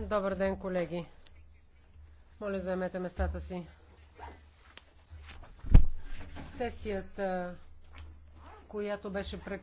Добър ден, колеги. Моля, заемете местата си. Сесията, която беше прекратена,